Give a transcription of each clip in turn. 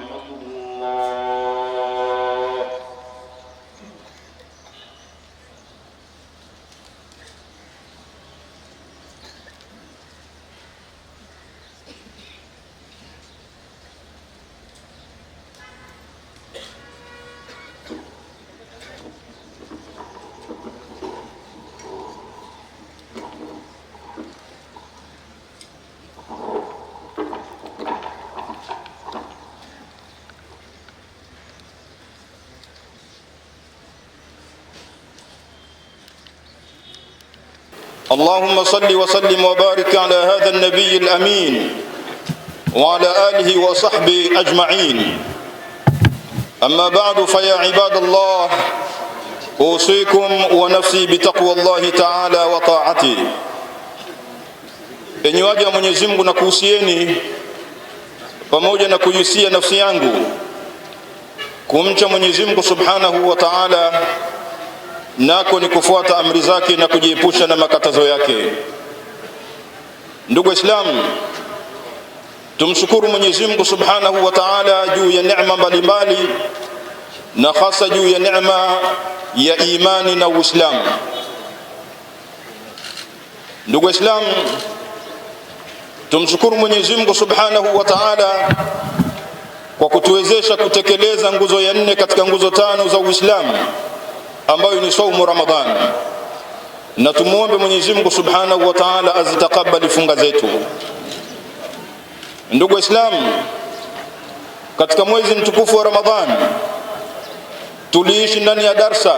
رحمه الله اللهم صل وسلم وبارك على هذا النبي الأمين وعلى آله وصحبه أجمعين أما بعد فيا عباد الله أوصيكم ونفسي بتقوى الله تعالى وطاعته enyi waja wa Mwenyezi Mungu na pamoja na kuhusia nafsi yangu kumcha Mwenyezi Mungu Subhanahu wa Ta'ala nako ni kufuata amri zake na kujiepusha na makatazo yake. Ndugu Waislamu, tumshukuru Mwenyezi Mungu Subhanahu wa Ta'ala juu ya neema mbalimbali na hasa juu ya neema ya imani na Uislamu. Ndugu Waislamu, tumshukuru Mwenyezi Mungu Subhanahu wa Ta'ala kwa kutuwezesha kutekeleza nguzo ya nne katika nguzo tano za Uislamu ambayo ni saumu Ramadhani, na tumuombe Mwenyezi Mungu Subhanahu wa Ta'ala azitakabali funga zetu. Ndugu Waislamu, katika mwezi mtukufu wa Ramadhani tuliishi ndani ya darsa,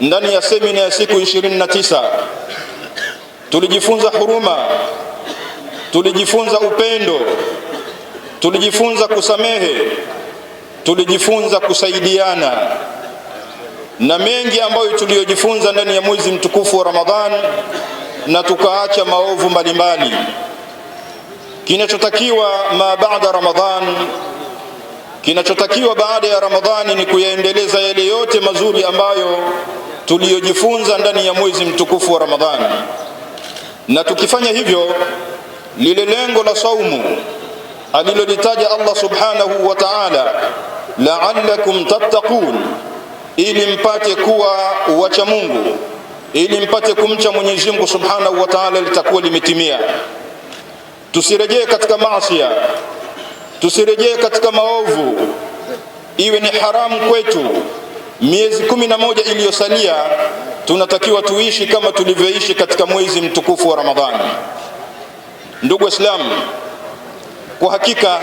ndani ya semina ya siku 29 tulijifunza huruma, tulijifunza upendo, tulijifunza kusamehe, tulijifunza kusaidiana na mengi ambayo tuliyojifunza ndani ya mwezi mtukufu wa Ramadhan na tukaacha maovu mbalimbali. Kinachotakiwa ma baada Ramadhan, kinachotakiwa baada ya Ramadhani ni kuyaendeleza yale yote mazuri ambayo tuliyojifunza ndani ya mwezi mtukufu wa Ramadhani, na tukifanya hivyo lile lengo la saumu alilolitaja Allah subhanahu wa ta'ala, la'allakum tattaqun ili mpate kuwa wacha Mungu, ili mpate kumcha Mwenyezi Mungu Subhanahu wa Ta'ala, litakuwa limetimia. Tusirejee katika maasi, tusirejee katika maovu, iwe ni haramu kwetu. Miezi kumi na moja iliyosalia tunatakiwa tuishi kama tulivyoishi katika mwezi mtukufu wa Ramadhani. Ndugu Waislamu, kwa hakika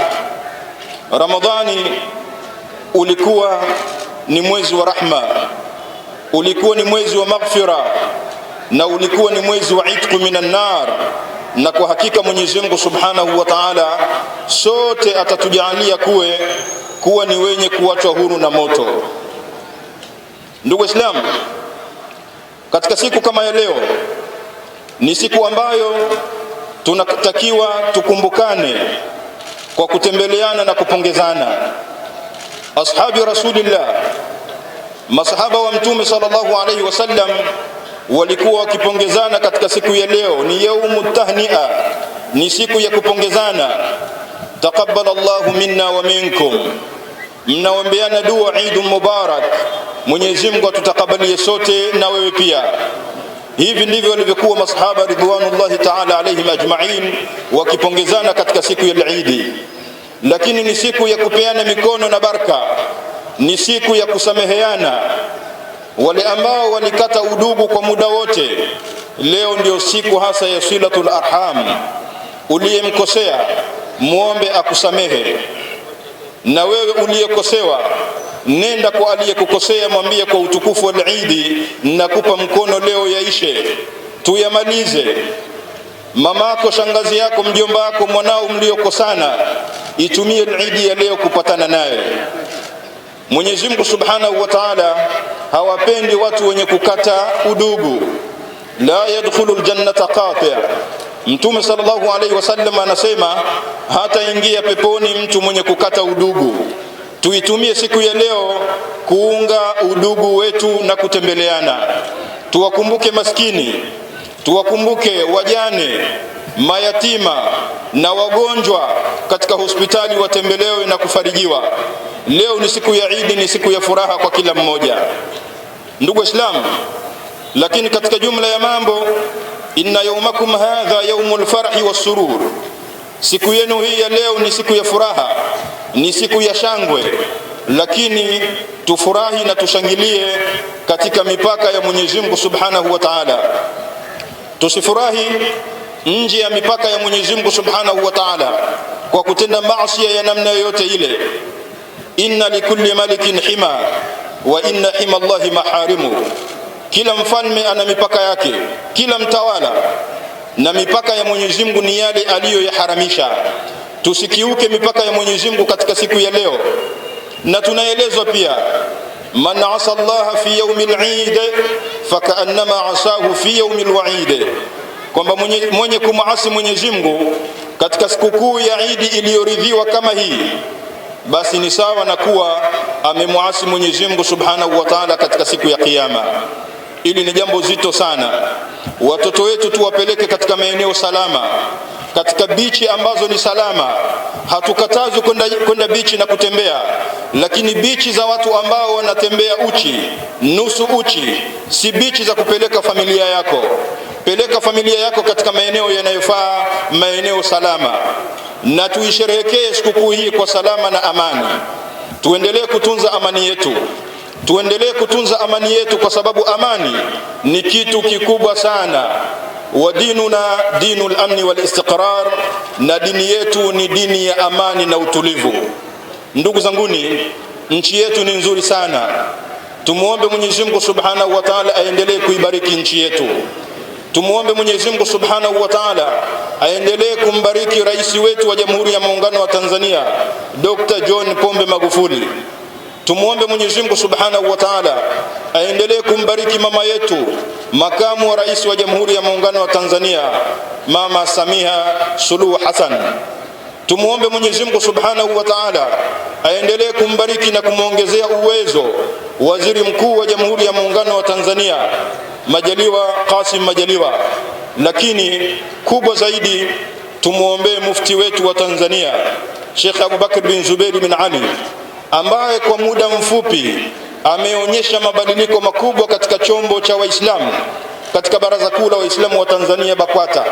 Ramadhani ulikuwa ni mwezi wa rahma, ulikuwa ni mwezi wa maghfira, na ulikuwa ni mwezi wa itqu minan nar. Na kwa hakika Mwenyezi Mungu Subhanahu wa Ta'ala sote atatujalia kuwe kuwa ni wenye kuachwa huru na moto. Ndugu Islam, katika siku kama ya leo ni siku ambayo tunatakiwa tukumbukane kwa kutembeleana na kupongezana ashabi rasulillah, masahaba wa mtume sallallahu alaihi wasallam walikuwa wakipongezana katika siku ya leo. Ni yaumu tahnia, ni siku ya kupongezana. Taqabbal Allahu minna wa minkum, mnaombeana dua Eid Mubarak, Mwenyezi Mungu atutakabalie sote na wewe pia. Hivi ndivyo walivyokuwa masahaba ridwanullahi ta'ala alaihim ajma'in wakipongezana katika siku ya Eid lakini ni siku ya kupeana mikono na baraka, ni siku ya kusameheana. Wale ambao walikata udugu kwa muda wote, leo ndio siku hasa ya silatul arham. Uliyemkosea muombe akusamehe, na wewe uliyekosewa nenda kwa aliyekukosea, mwambie kwa utukufu wa Eid, nakupa mkono leo, yaishe tuyamalize. Mamako, shangazi yako, mjomba wako, mwanao mliokosana itumie Idi ya leo kupatana naye. Mwenyezi Mungu Subhanahu wa Ta'ala hawapendi watu wenye kukata udugu, la yadkhulu ljannata qati'. Mtume sallallahu alayhi wasallam anasema hataingia peponi mtu mwenye kukata udugu. Tuitumie siku ya leo kuunga udugu wetu na kutembeleana, tuwakumbuke maskini, tuwakumbuke wajane mayatima na wagonjwa katika hospitali watembelewe na kufarijiwa. Leo ni siku ya Idi, ni siku ya furaha kwa kila mmoja, ndugu Waislamu. Lakini katika jumla ya mambo, inna yaumakum hadha yaumul farhi wassurur, siku yenu hii ya leo ni siku ya furaha, ni siku ya shangwe, lakini tufurahi na tushangilie katika mipaka ya Mwenyezi Mungu subhanahu wa taala, tusifurahi nje ya mipaka ya Mwenyezi Mungu Subhanahu wa Ta'ala kwa kutenda maasi ya namna yoyote ile. Inna likulli malikin hima wa inna hima Allahi maharimu, kila mfalme ana mipaka yake, kila mtawala na mipaka ya Mwenyezi Mungu ni yale aliyoyaharamisha. Tusikiuke mipaka ya Mwenyezi Mungu katika siku ya leo, na tunaelezwa pia man asa Allaha fi yaumi lidi fakaannama asahu fi yaumi lwaidi kwamba mwenye, mwenye kumaasi Mwenyezi Mungu katika sikukuu ya Idi iliyoridhiwa kama hii basi ni sawa na kuwa amemwasi Mwenyezi Mungu Subhanahu wa Ta'ala katika siku ya Kiyama. Hili ni jambo zito sana. Watoto wetu tuwapeleke katika maeneo salama, katika bichi ambazo ni salama. Hatukatazwi kwenda kwenda bichi na kutembea, lakini bichi za watu ambao wanatembea uchi, nusu uchi, si bichi za kupeleka familia yako. Peleka familia yako katika maeneo yanayofaa, maeneo salama, na tuisherehekee sikukuu hii kwa salama na amani. Tuendelee kutunza amani yetu, tuendelee kutunza amani yetu, kwa sababu amani ni kitu kikubwa sana. Wa dinuna dinu lamni walistiqrar, na dini yetu ni dini ya amani na utulivu. Ndugu zanguni, nchi yetu ni nzuri sana. Tumwombe Mwenyezi Mungu subhanahu wa taala aendelee kuibariki nchi yetu. Tumuombe Mwenyezi Mungu Subhanahu wa Ta'ala aendelee kumbariki rais wetu wa Jamhuri ya Muungano wa Tanzania Dr. John Pombe Magufuli. Tumuombe Mwenyezi Mungu Subhanahu wa Ta'ala aendelee kumbariki mama yetu makamu wa rais wa Jamhuri ya Muungano wa Tanzania Mama Samia Suluhu Hassan. Tumuombe Mwenyezi Mungu Subhanahu wa Ta'ala aendelee kumbariki na kumwongezea uwezo waziri mkuu wa Jamhuri ya Muungano wa Tanzania Majaliwa Kasim Majaliwa, lakini kubwa zaidi tumwombee mufti wetu wa Tanzania Sheikh Abubakar bin zubeiri bin Ali ambaye kwa muda mfupi ameonyesha mabadiliko makubwa katika chombo cha Waislamu katika Baraza Kuu la Waislamu wa Tanzania BAKWATA.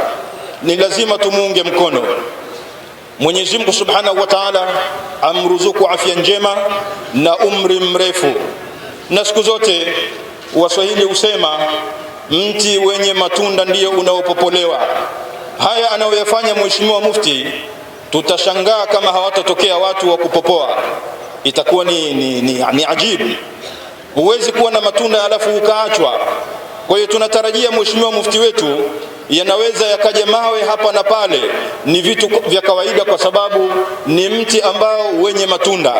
Ni lazima tumuunge mkono. Mwenyezi Mungu Subhanahu wa Ta'ala amruzuku afya njema na umri mrefu, na siku zote Waswahili husema mti wenye matunda ndiyo unaopopolewa. Haya anayoyafanya Mheshimiwa Mufti, tutashangaa kama hawatatokea watu wa kupopoa. Itakuwa ni, ni, ni, ni ajibu. Huwezi kuwa na matunda alafu ukaachwa. Kwa hiyo tunatarajia Mheshimiwa Mufti wetu, yanaweza yakaja mawe hapa na pale, ni vitu vya kawaida, kwa sababu ni mti ambao wenye matunda.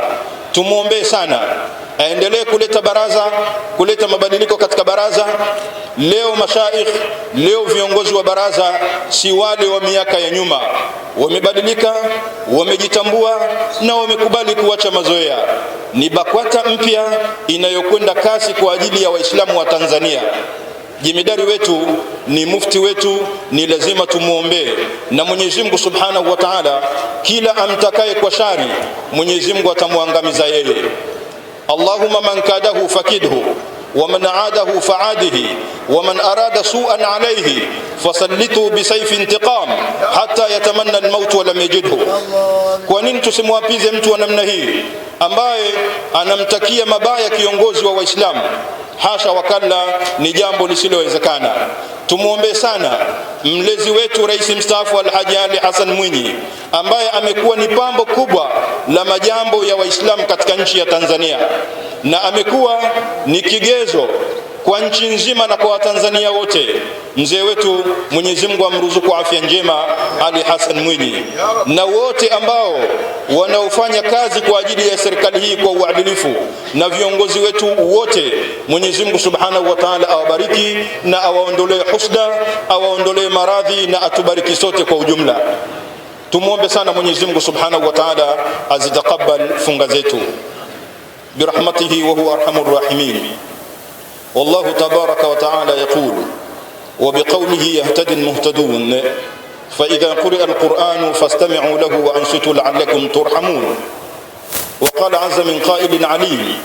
Tumwombee sana aendelee kuleta baraza, kuleta mabadiliko katika baraza. Leo mashaikh, leo viongozi wa baraza si wale wa miaka ya nyuma, wamebadilika, wamejitambua na wamekubali kuacha mazoea. Ni BAKWATA mpya inayokwenda kasi kwa ajili ya Waislamu wa Tanzania. jemidari wetu ni mufti wetu, ni lazima tumwombee, na Mwenyezi Mungu Subhanahu wa Ta'ala, kila amtakaye kwa shari Mwenyezi Mungu atamwangamiza yeye. Allahumma man kadahu fakidhu waman aadahu faadihi waman arada suan عليه fasallitu bisaifi intiqam hata yatamanna almautu ولم yajidhu. Kwa nini tusimwapize mtu wa namna hii ambaye anamtakia mabaya kiongozi wa Waislamu? Hasha wakalla, ni jambo lisilowezekana. Tumwombee sana mlezi wetu rais mstaafu Alhaji Ali Hassan Mwinyi ambaye amekuwa ni pambo kubwa la majambo ya Waislamu katika nchi ya Tanzania na amekuwa ni kigezo kwa nchi nzima na kwa Watanzania wote. Mzee wetu Mwenyezi Mungu amruzuku afya njema Ali Hassan Mwinyi, na wote ambao wanaofanya kazi kwa ajili ya serikali hii kwa uadilifu, na viongozi wetu wote. Mwenyezi Mungu Subhanahu wa Ta'ala awabariki na awaondolee husda, awaondolee maradhi na atubariki sote kwa ujumla. Tumwombe sana Mwenyezi Mungu Subhanahu wa Ta'ala azitakabal funga zetu birahmatihi wa huwa arhamur rahimin. والله تبارك وتعالى يقول وبقوله يهتدي المهتدون فإذا قرئ القرآن فاستمعوا له وأنصتوا لعلكم ترحمون وقال عز من قائل عليم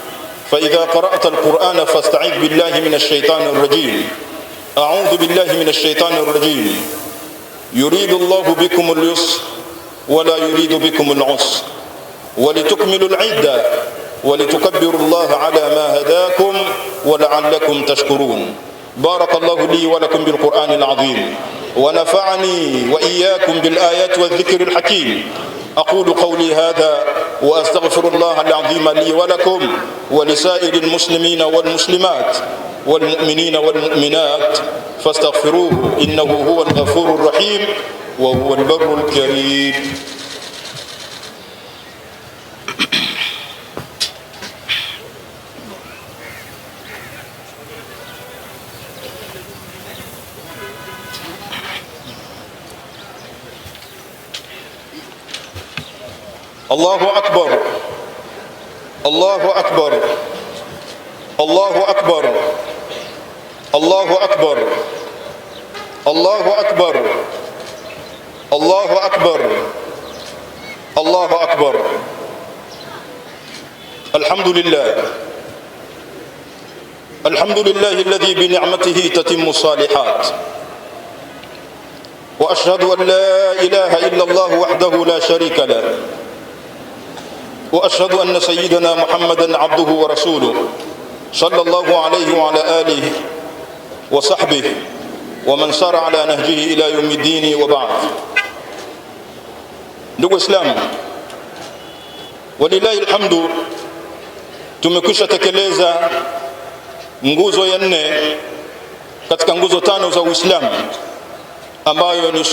فإذا قرأت القرآن فاستعذ بالله من الشيطان الرجيم أعوذ بالله من الشيطان الرجيم يريد الله بكم اليسر ولا يريد بكم العسر ولتكملوا العدة ولتكبروا الله على ما هداكم ولعلكم تشكرون بارك الله لي ولكم بالقرآن العظيم ونفعني وإياكم بالآيات والذكر الحكيم أقول قولي هذا وأستغفر الله العظيم لي ولكم ولسائر المسلمين والمسلمات والمؤمنين والمؤمنات فاستغفروه إنه هو الغفور الرحيم وهو البر الكريم الله أكبر الله أكبر الله أكبر الله أكبر الله أكبر الله أكبر الله أكبر الحمد لله الحمد لله الذي بنعمته تتم الصالحات وأشهد أن لا إله إلا الله وحده لا شريك له وأشهد أن سيدنا محمدا عبده ورسوله صلى الله عليه وعلى آله وصحبه ومن سار على نهجه إلى يوم الدين وبعد دو إسلام ولله الحمد تمكش تكليزا نغوزو ينه katika nguzo tano za uislamu ambayo ni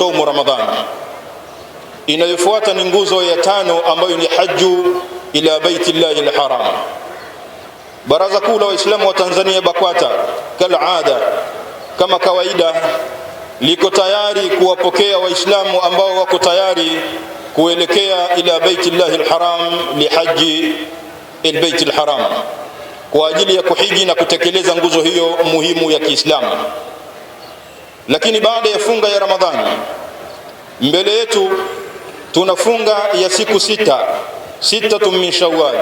Inayofuata ni nguzo ya tano ambayo ni haju ila baitillahi lharam Baraza Kuu la Waislamu wa Tanzania BAKWATA kalada, kama kawaida, liko tayari kuwapokea Waislamu ambao wako tayari kuelekea ila baitillahi lharam lihaji albayt lharam kwa ajili ya kuhiji na kutekeleza nguzo hiyo muhimu ya Kiislamu. Lakini baada ya funga ya Ramadhani mbele yetu tunafunga ya siku sita, sitatu min Shawwal.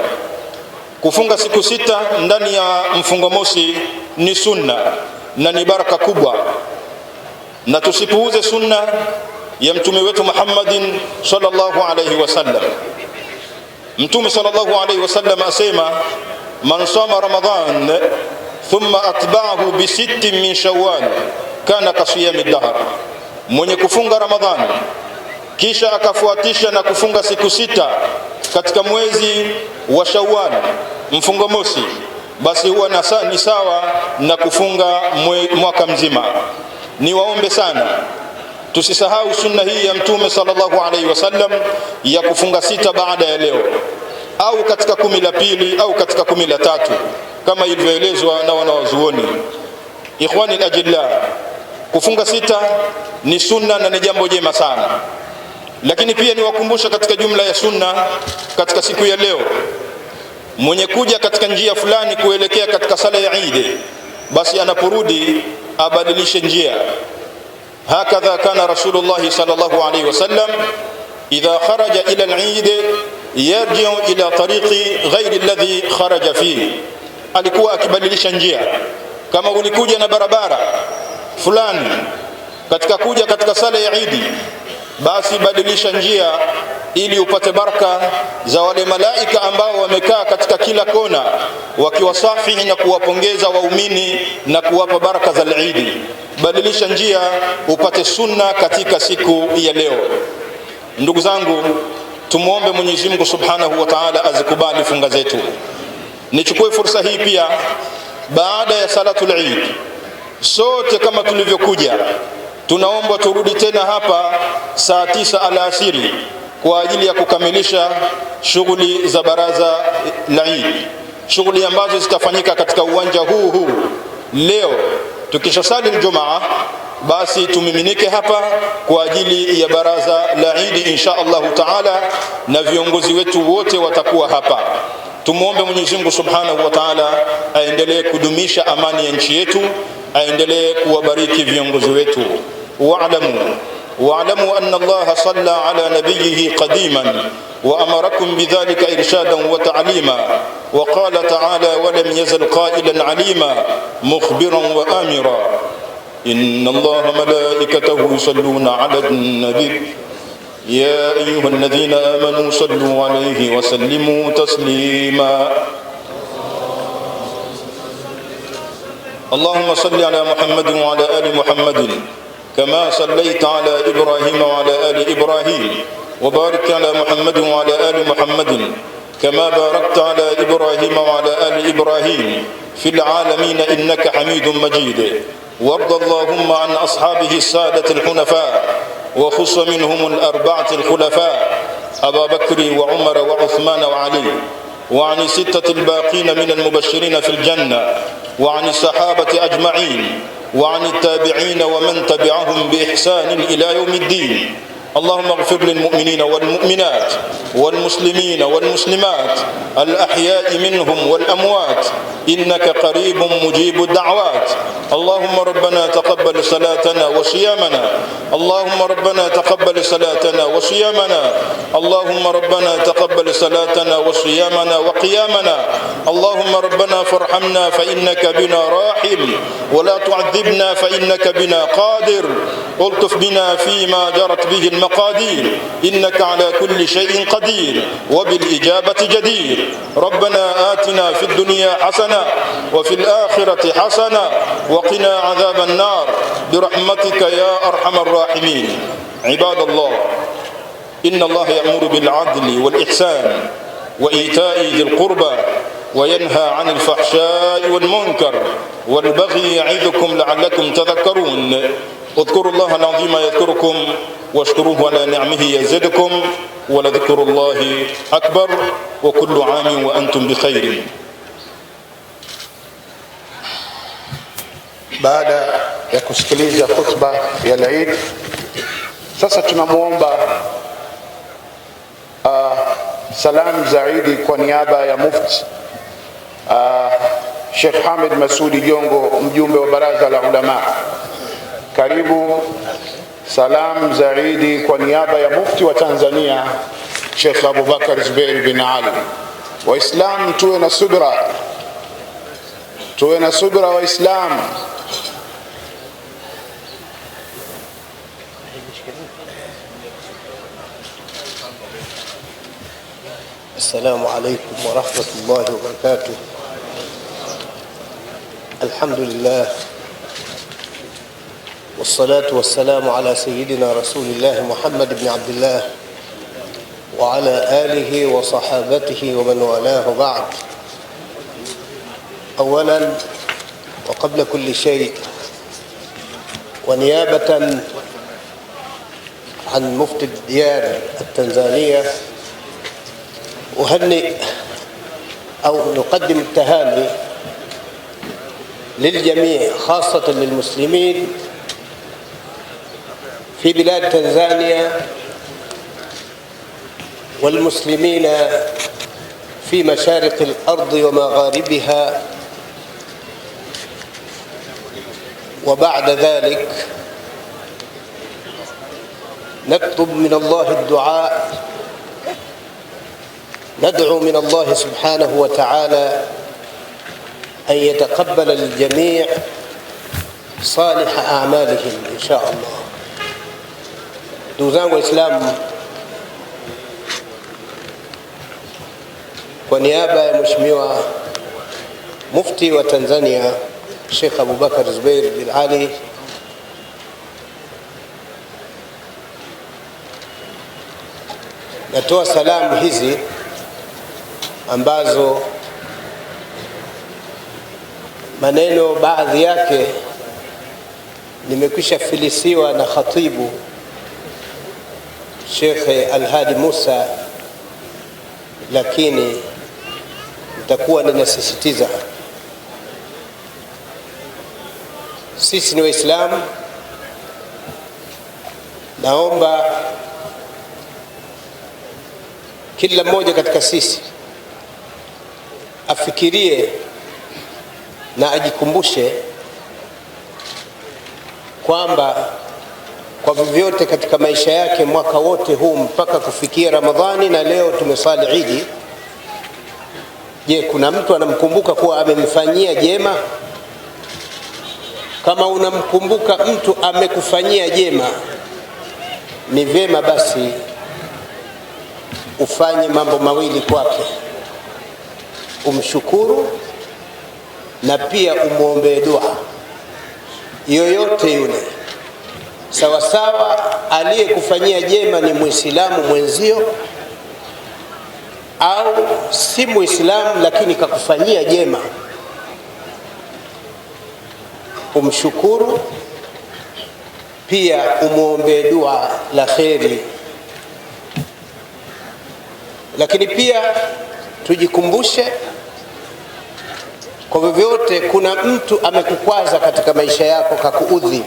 Kufunga siku sita ndani ya mfungo mosi ni sunna na ni baraka kubwa, na tusipuuze sunna ya mtume wetu Muhammadin sallallahu alayhi wasallam. Mtume sallallahu alayhi wasallam asema, man sama Ramadan thumma atba'ahu bi sittin min Shawwal kana kasiyami dahr, mwenye kufunga Ramadhani kisha akafuatisha na kufunga siku sita katika mwezi wa Shawwal mfungo mosi, basi huwa ni sawa na kufunga mwe, mwaka mzima. Niwaombe sana tusisahau sunna hii ya Mtume sallallahu alaihi wasallam ya kufunga sita baada ya leo au katika kumi la pili au katika kumi la tatu kama ilivyoelezwa na wanawazuoni. Ikhwani ajilla, kufunga sita ni sunna na ni jambo jema sana. Lakini pia niwakumbusha katika jumla ya sunna katika siku ya leo, mwenye kuja katika njia fulani kuelekea katika sala ya Eid, basi anaporudi abadilishe njia. Hakadha kana Rasulullah sallallahu alayhi wasallam idha kharaja ila al-Eid yarji'u ila tariqi ghairi ladhi kharaja fihi, alikuwa akibadilisha njia. Kama ulikuja na barabara fulani katika kuja katika sala ya idi basi badilisha njia ili upate baraka za wale malaika ambao wamekaa katika kila kona wakiwasafihi na kuwapongeza waumini na kuwapa baraka za Eid. Badilisha njia upate sunna katika siku ya leo. Ndugu zangu, tumwombe Mwenyezi Mungu Subhanahu wa Ta'ala azikubali funga zetu. Nichukue fursa hii pia, baada ya salatu Eid, sote kama tulivyokuja tunaomba turudi tena hapa saa tisa alasiri kwa ajili ya kukamilisha shughuli za baraza la Idi, shughuli ambazo zitafanyika katika uwanja huu huu leo. Tukishasali Ijumaa, basi tumiminike hapa kwa ajili ya baraza la Idi insha Allahu taala, na viongozi wetu wote watakuwa hapa. Tumwombe Mwenyezi Mungu subhanahu wa taala aendelee kudumisha amani ya nchi yetu, aendelee kuwabariki viongozi wetu. واعلموا واعلموا أن الله صلى على نبيه قديما وأمركم بذلك إرشادا وتعليما وقال تعالى ولم يزل قائلا عليما مخبرا وآمرا إن الله ملائكته يصلون على النبي يا أيها الذين آمنوا صلوا عليه وسلموا تسليما اللهم صل على محمد وعلى آل محمد كما صليت على إبراهيم وعلى آل إبراهيم وبارك على محمد وعلى آل محمد كما باركت على إبراهيم وعلى آل إبراهيم في العالمين إنك حميد مجيد وارض اللهم عن أصحابه السادة الحنفاء وخص منهم الأربعة الخلفاء أبا بكر وعمر وعثمان وعلي وعن ستة الباقين من المبشرين في الجنة وعن الصحابة أجمعين وعن التابعين ومن تبعهم بإحسان إلى يوم الدين اللهم اغفر للمؤمنين والمؤمنات والمسلمين والمسلمات الأحياء منهم والأموات إنك قريب مجيب الدعوات اللهم ربنا تقبل صلاتنا وصيامنا اللهم ربنا تقبل صلاتنا وصيامنا اللهم ربنا تقبل صلاتنا وصيامنا وقيامنا اللهم ربنا فارحمنا فإنك بنا راحم ولا تعذبنا فإنك بنا قادر الطف بنا فيما جرت به المقادير إنك على كل شيء قدير وبالإجابة جدير ربنا آتنا في الدنيا حسنة وفي الآخرة حسنة وقنا عذاب النار برحمتك يا أرحم الراحمين عباد الله إن الله يأمر بالعدل والإحسان وإيتاء ذي القربى وينهى عن الفحشاء والمنكر والبغي يعظكم لعلكم تذكرون اذكروا الله العظيم يذكركم واشكروه على نعمه يزدكم ولذكر الله أكبر وكل عام وأنتم بخير بعد يا كسكليز يا خطبة يا العيد tunamwomba uh, salamu za Eid kwa niaba uh, Sheikh Hamed Masudi Jongo, mjumbe wa baraza la ulama, karibu. Salamu za Idi kwa niaba ya mufti wa Tanzania Sheikh Abubakar Zubeir bin Ali. Waislamu tuwe na subra, tuwe na subra Waislamu. Assalamu alaikum warahmatullahi wabarakatuh. الحمد لله والصلاة والسلام على سيدنا رسول الله محمد بن عبد الله وعلى آله وصحابته ومن والاه بعد أولا وقبل كل شيء ونيابة عن مفتي الديار التنزانية أهنئ أو نقدم التهاني للجميع خاصة للمسلمين في بلاد تنزانيا والمسلمين في مشارق الأرض ومغاربها وبعد ذلك نطلب من الله الدعاء ندعو من الله سبحانه وتعالى أن يتقبل الجميع صالح أعمالهم إن شاء الله دوزان وإسلام ونيابة مشميوة مفتي وتنزانيا الشيخ أبو بكر زبير بن علي نتوى سلام هزي أمبازو Maneno baadhi yake nimekwisha filisiwa na khatibu Shekhe Alhadi Musa, lakini nitakuwa ninasisitiza sisi ni Waislamu. Naomba kila mmoja katika sisi afikirie na ajikumbushe kwamba kwa vyovyote katika maisha yake mwaka wote huu mpaka kufikia Ramadhani na leo tumesali Idi. Je, kuna mtu anamkumbuka kuwa amemfanyia jema? Kama unamkumbuka mtu amekufanyia jema, ni vyema basi ufanye mambo mawili kwake, umshukuru na pia umwombee dua yoyote yule, sawasawa aliyekufanyia jema ni Muislamu mwenzio au si Muislamu lakini kakufanyia jema, umshukuru pia umwombee dua la kheri. Lakini pia tujikumbushe kwa vyovyote, kuna mtu amekukwaza katika maisha yako, kakuudhi,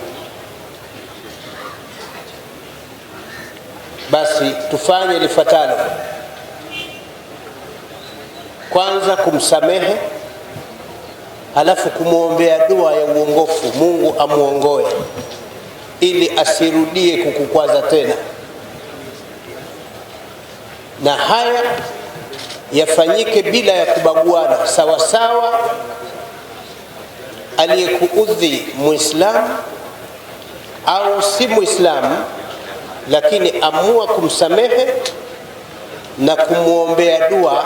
basi tufanye lifuatalo: kwanza kumsamehe, halafu kumwombea dua ya uongofu, Mungu amwongoe ili asirudie kukukwaza tena, na haya yafanyike bila ya kubaguana, sawasawa aliyekuudhi Muislamu au si Muislamu, lakini amua kumsamehe na kumwombea dua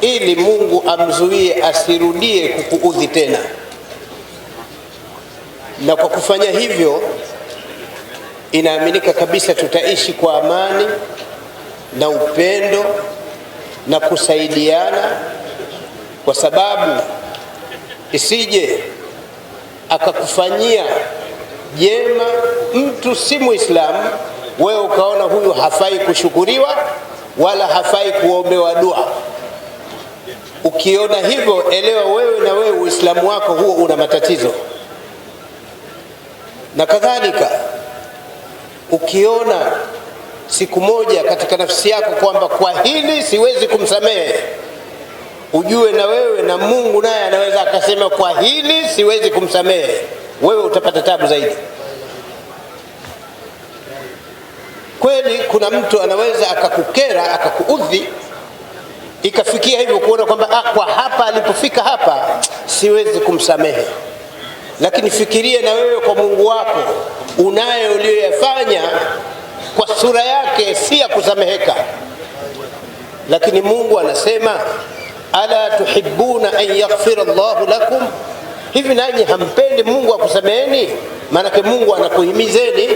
ili Mungu amzuie asirudie kukuudhi tena. Na kwa kufanya hivyo, inaaminika kabisa tutaishi kwa amani na upendo na kusaidiana, kwa sababu isije akakufanyia jema mtu si Muislamu, wewe ukaona huyu hafai kushukuriwa wala hafai kuombewa dua. Ukiona hivyo, elewa wewe na wewe Uislamu wako huo una matatizo. Na kadhalika ukiona siku moja katika nafsi yako kwamba kwa hili siwezi kumsamehe, ujue na wewe na Mungu naye anaweza akasema kwa hili siwezi kumsamehe, wewe utapata tabu zaidi. Kweli kuna mtu anaweza akakukera akakuudhi, ikafikia hivyo kuona kwamba ah, kwa hapa alipofika hapa siwezi kumsamehe. Lakini fikiria na wewe kwa Mungu wako unayo uliyoyafanya sura yake si ya kusameheka, lakini Mungu anasema ala tuhibbuna an yaghfira llahu lakum, hivi nanyi hampendi Mungu akusameheni? Maanake Mungu anakuhimizeni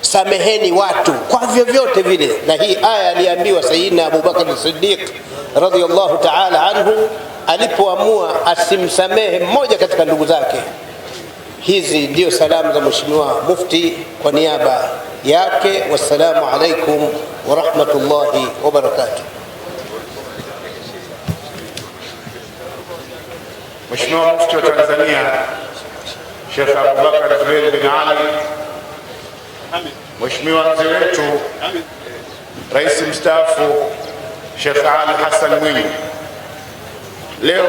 sameheni watu kwa vyovyote vile, na hii aya aliambiwa Sayyidina Abubakar Siddiq radhiyallahu ta'ala anhu alipoamua asimsamehe mmoja katika ndugu zake. Hizi ndio salamu za Mheshimiwa Mufti kwa niaba yake. Wassalamu alaikum warahmatullahi wabarakatuh. Mheshimiwa Mufti wa Tanzania Sheikh Abubakar Zubeir bin Ali, Mheshimiwa mzee wetu Rais mstaafu Sheikh Ali Hassan Mwinyi, leo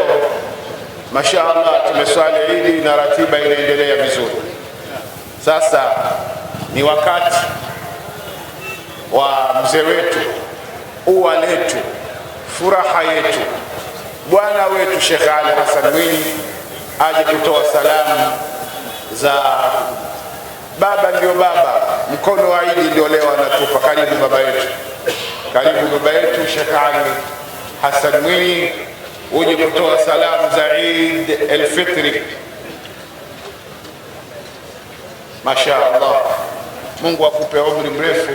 mashaallah tumeswali Idi na ratiba inaendelea vizuri. Sasa Ni wakati wa mzee wetu, ua letu, furaha yetu, bwana wetu Sheikh Ali Hassan Mwinyi aje kutoa salamu za baba ndio baba, mkono wa Idi ndio leo anatupa. Karibu baba yetu, karibu baba yetu Sheikh Ali Hassan Mwinyi uje kutoa salamu za Eid al mashaallah Masha Allah. Mungu akupe umri mrefu,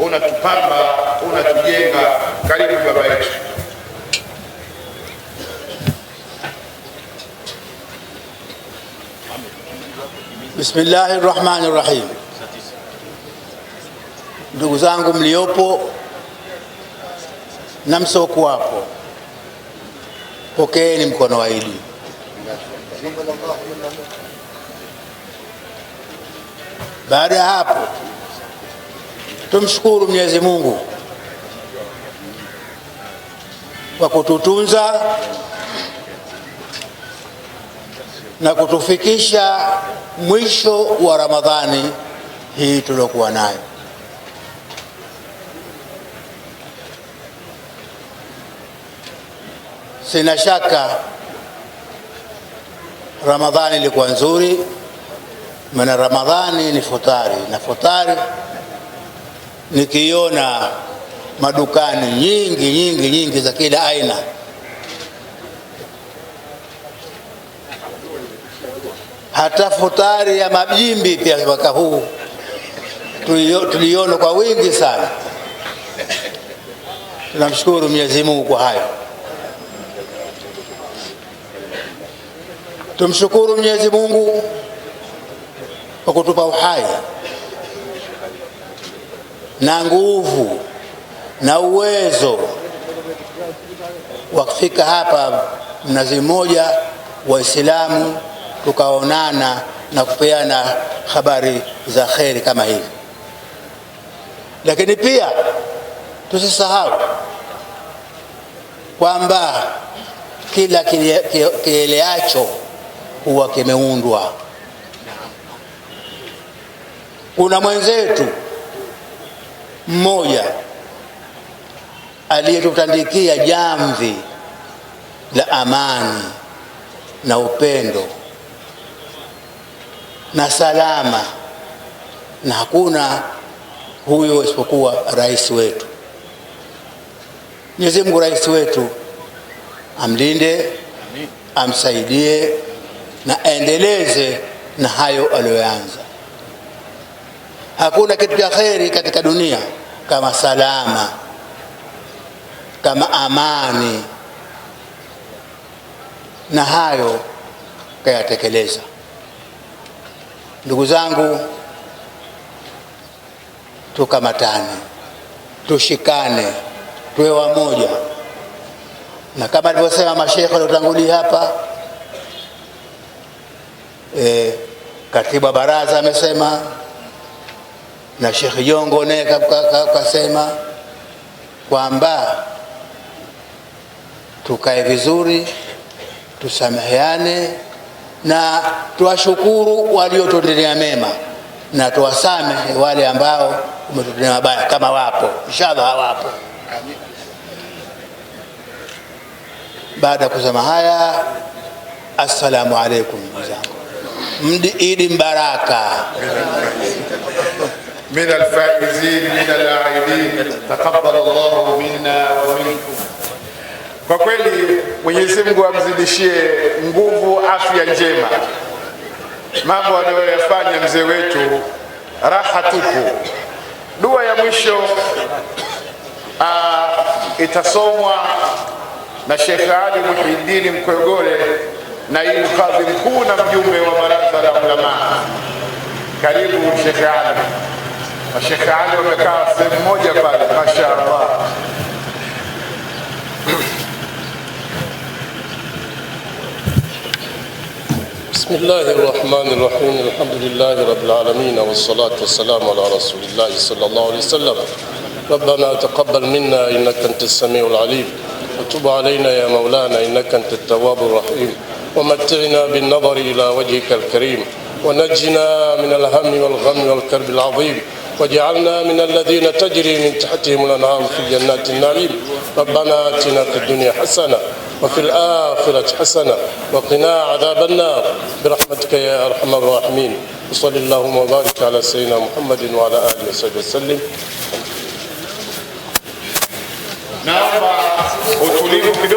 unatupamba unatujenga. Karibu baba yetu. Bismillahi rahmani rahim. Ndugu zangu mliopo na msokuwapo, pokeeni mkono wa Idi. Baada ya hapo, tumshukuru Mwenyezi Mungu kwa kututunza na kutufikisha mwisho wa Ramadhani hii tuliokuwa nayo. Sina shaka Ramadhani ilikuwa nzuri maana Ramadhani ni futari na futari nikiona madukani nyingi nyingi nyingi za kila aina hata futari ya majimbi pia mwaka huu tuliona kwa wingi sana. Tunamshukuru Mwenyezi Mungu kwa hayo, tumshukuru Mwenyezi Mungu kwa kutupa uhai na nguvu na uwezo wa kufika hapa Mnazi Mmoja Waislamu, tukaonana na kupeana habari za kheri kama hivi. Lakini pia tusisahau kwamba kila kieleacho huwa kimeundwa kuna mwenzetu mmoja aliyetutandikia jamvi la amani na upendo na salama, na hakuna huyo isipokuwa rais wetu. Mwenyezi Mungu rais wetu amlinde, amsaidie na aendeleze na hayo aliyoanza. Hakuna kitu cha kheri katika dunia kama salama, kama amani, na hayo kayatekeleza. Ndugu zangu, tukamatane, tushikane, tuwe wamoja, na kama alivyosema mashekhe waliotangulia hapa e, katibu wa baraza amesema na Sheikh Jongo naye kasema kwamba tukae vizuri, tusameheane na tuwashukuru waliotutendea mema na tuwasamehe wale ambao umetutendea mabaya, kama wapo. Inshallah hawapo. Baada ya kusema haya, assalamu alaikum, ndugu zangu, mdi idi mbaraka. من الفائزين من اللاعبين تقبل الله منا ومنكم Kwa kweli Mwenyezi Mungu amzidishie nguvu, afya njema. Mambo anayoyafanya mzee wetu raha tupu. Dua ya mwisho ah, itasomwa na Sheikh Ali Muhiddin na naibu kadhi mkuu na mjumbe wa baraza la ulamaa. Karibu Sheikh Ali. Ali wamekaa sehemu moja pale, mashaallah. بسم الله الرحمن الرحيم الحمد لله رب العالمين والصلاة والسلام على رسول الله صلى الله عليه وسلم ربنا تقبل منا إنك أنت السميع العليم وتب علينا يا مولانا إنك أنت التواب الرحيم ومتعنا بالنظر إلى وجهك الكريم ونجنا من الهم والغم والكرب العظيم وجعلنا من الذين تجري من تحتهم الانهار في جنات النعيم ربنا اتنا في الدنيا حسنه وفي الآخرة حسنة وقنا عذاب النار برحمتك يا أرحم الراحمين وصل اللهم وبارك على سيدنا محمد وعلى آله وصحبه وسلم naomba نعم، utulivu